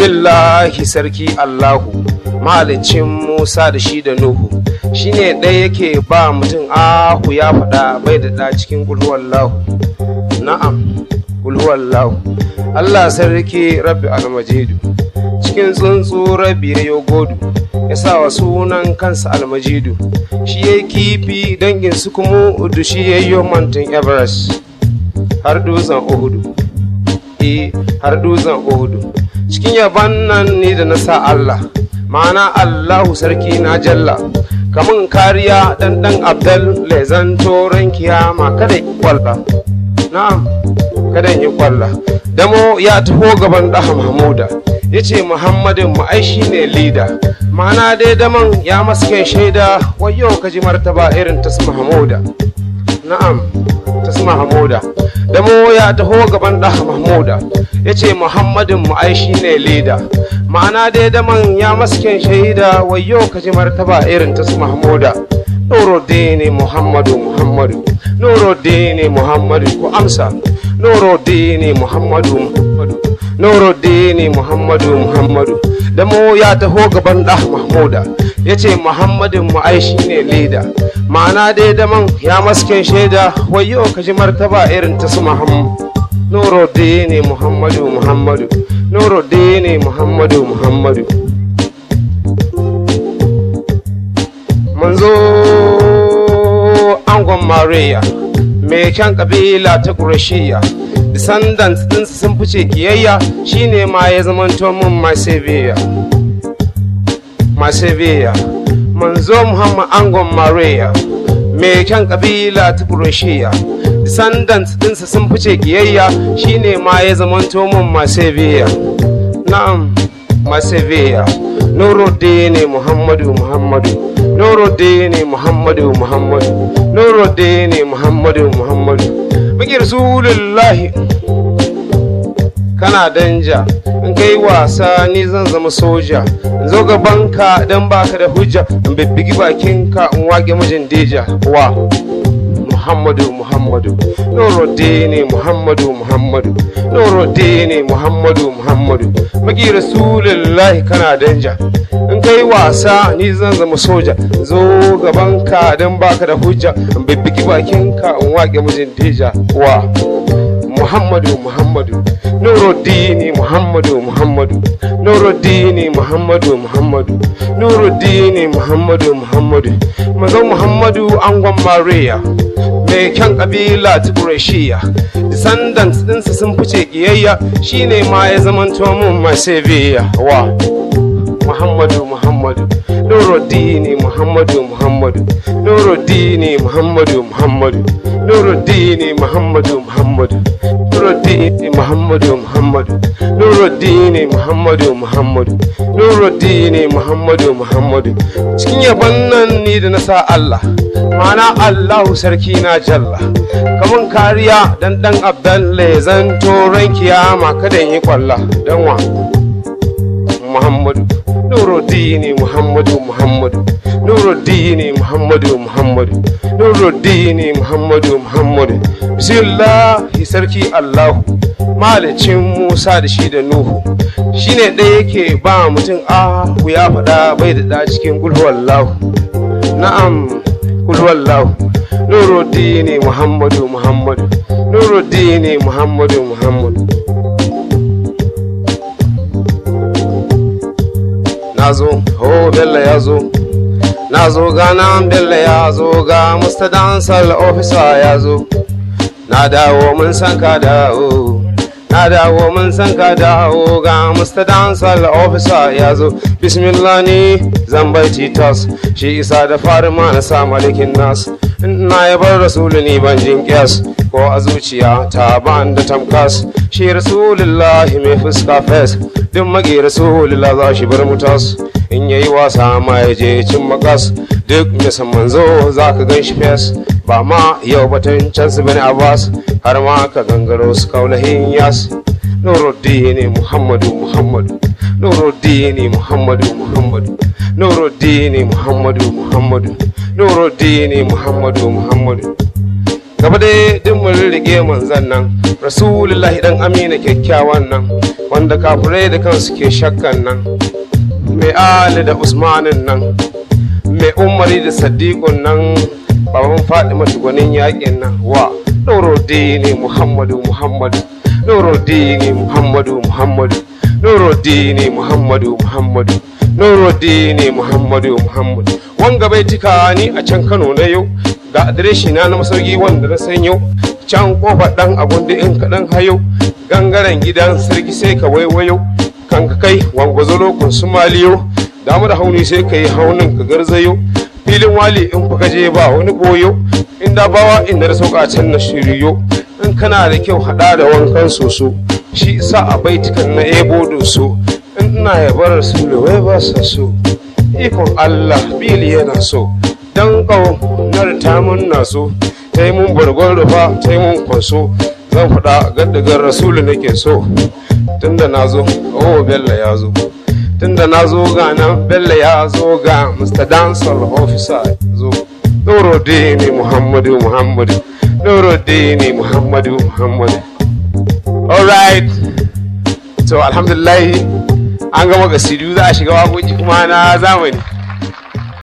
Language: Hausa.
bismillahi sarki allahu mahalicin musa da shi da nuhu Shi ne ɗaya yake ba mutum ahu ya faɗa bai da ɗa cikin lahu na'am lahu allah sarki rabbi almajidu cikin tsuntsu rabbi ya godu ya sa wa sunan kansa almajidu shi ya kifi dangin su kuma udu shi ya yi mountain everest har dutsen uhudu e, har cikin yaban nan ni da na sa Allah ma'ana Allahu sarki na jalla kamun kariya dan dan abdal lezan toron kiyama kada yi kwalla na'am kada yi kwalla damo ya taho gaban da Mahmuda ya ce Muhammadin mu ai shine lida ma'ana dai daman ya maske shaida wayo kaji martaba irin tas Mahmuda na'am asma hamoda da mo ya taho gaban da mahmuda ya ce muhammadin mu ai shi ne leda ma'ana dai man ya masken shaida wayo ka ji martaba irin ta su mahmuda nuro dini muhammadu muhammadu nuro dini muhammadu ku amsa nuro dini muhammadu muhammadu nuro dini muhammadu muhammadu da mu ya taho gaban da mahmuda ya ce muhammadin mu ai shi ne leda ma'ana dai man ya masken shaida wayo ka ji martaba irin ta su muhammadu nuro ne muhammadu muhammadu nuro dini muhammadu muhammadu manzo angon mariya mai can kabila ta kurashiya descendants ɗinsa sun fice kiyayya shine ma ya zamanto min masebiya masebiya manzo muhammad angon maria mai kyan kabila ta kuroshiya descendants dinsa sun fice giyayya shine ma ya zamanto mun masebiya na'am masebiya ne muhammadu muhammadu ne muhammadu muhammadu ne muhammadu muhammadu muke rasulullahi kana danja in kai wasa ni zan zama soja in zo gabanka don dan baka da hujja in bibbigi bakin ka in wage mijin deja wa muhammadu muhammadu noro dini muhammadu muhammadu noro dini muhammadu muhammadu maki rasulullahi kana danja in kai wasa ni zan zama soja zo gabanka don dan baka da hujja in bibbigi bakin ka in wage mijin deja wa muhammadu muhammadu nuruddini muhammadu muhammadu nuruddini muhammadu muhammadu nuruddini muhammadu muhammadu mazan muhammadu angon mariya mai kyan kabila ta ƙurashiya descendants ɗinsa sun fice ƙiyayya shine ma ya zamanto mun masebiya wa muhammadu muhammadu muhammadu dini muhammadu muhammadu dini muhammadu muhammadu dini muhammadu muhammadu dini muhammadu muhammadu dini muhammadu muhammadu dini muhammadu muhammadu cikin yaban nan ni da na sa allah mana allahu sarki na jalla kamun kariya dan dan abdan lezan turan kiyama kada yi kwalla dan wa muhammadu dini muhammadu muhammadu dini muhammadu muhammadu dini muhammadu muhammadu bismillahi sarki allahu malicin musa da shi da nuhu shine ɗaya yake ba mutum ah, ku ya faɗa bai da cikin gulhuwallahu na'am gulhuwallahu dini muhammadu muhammadu dini muhammadu muhammadu yazo ho bella ya zo na zo ga nan bello ya ga musta dansar ofisa ya zo na dawo mun san ka dawo na dawo mun san ka dawo ga musta dansar ofisa ya zo bismillah ni zan bai titas shi isa da fari na sa malikin nasu na ya bar rasulu ni ban jin kiyas ko a zuciya ta ban da tamkas shi rasulullahi mai fuska fes din magi rasulullahi za shi bar mutas in yayi wasa ma ya je cin makas duk musamman manzo za ka gan shi fes ba ma yau batun can su bane abbas har ma ka gangaro su kaulahin yas nuruddini muhammadu muhammadu nuruddini muhammadu muhammadu nuruddini muhammadu muhammadu nuruddini muhammadu muhammadu gaba da duk mun rige manzan nan rasulullahi dan amina kyakkyawan nan wanda kafirai da kansu ke shakkan nan mai ali da usmanin nan mai umari da sadiqun nan baban faɗi gwanin yakin nan wa ɗauro dini muhammadu muhammadu nuruddini muhammadu muhammadu nuruddini muhammadu muhammadu nuruddini muhammadu muhammadu wanga bai tika ni a can kano na yau ga adireshi na na masauki wanda na san yau can kofa dan da in kaɗan hayo gangaren gidan sarki sai ka waiwayo kan ka kai wangwazolo kun su maliyo mu da hauni sai ka yi haunin ka garzayo filin wali in kuka je ba wani boyo in bawa inda da sauka can na shiriyo in kana da kyau haɗa da wankan soso shi isa a baitukan na ebo doso in ina yabar su lewai ba sa so ikon allah bili yana so dan ƙaunar na mun na so ta yi mun bargon rufa ta yi mun kwaso zan fada gaddagar rasulu nake so tunda na zo oh bello ya zo tunda na zo ga nan bello ya zo ga mr dancer officer zo doro dini muhammadu muhammadu Nuruddin Muhammadu Muhammadu. Alright, so alhamdulillah an gama gasidu za a shiga waƙoƙi kuma na zamani.